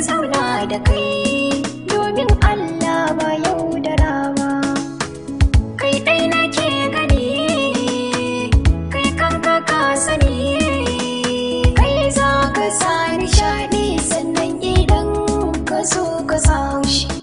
zauna da kai domin Allah ba yau da rawa kai dai na ke gani kai kanka ka sani kai za ka sa nishaɗi sannan idan ka so ka sa